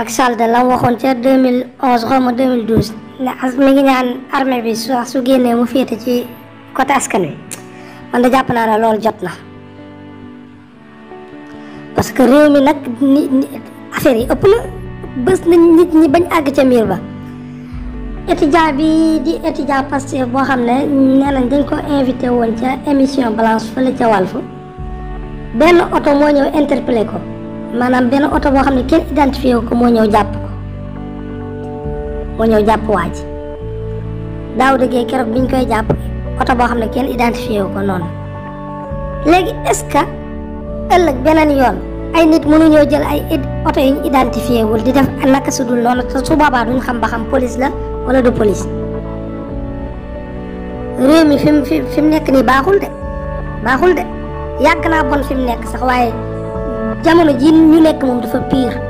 ak Chalde la mu waxoon ca 2011 xaw ma 2012 ne as mi ngi ñaan armée bi su su génnee mu féete ci côté askan wi man da jàpp naa ne jot na. parce que réew mi nag ni ëpp na bés nañ nit ñi bañ àgg ca miir ba étudiant di étudiant Pastef boo xam ne nee nañ dañ ko invité woon ca émission balance fële ca Walf benn oto moo ko. maanaam benn oto boo xam ne kenn identifié ko moo ñëw jàpp ko moo ñëw jàpp waa ji daaw dëggee keroog biñ koy jàpp oto boo xam ne kenn identifié ko noonu léegi est-ce que ëllëg beneen yoon ay nit mënuñoo jël ay oto yu ñu identifié wul di def naka su dul noonu su boobaa duñ xam ba xam police la wala du police réew mi fi mu fi nekk nii baaxul de baaxul de yàgg naa bon fi nekk sax waaye. jamono ji ñu nekk moom dafa pire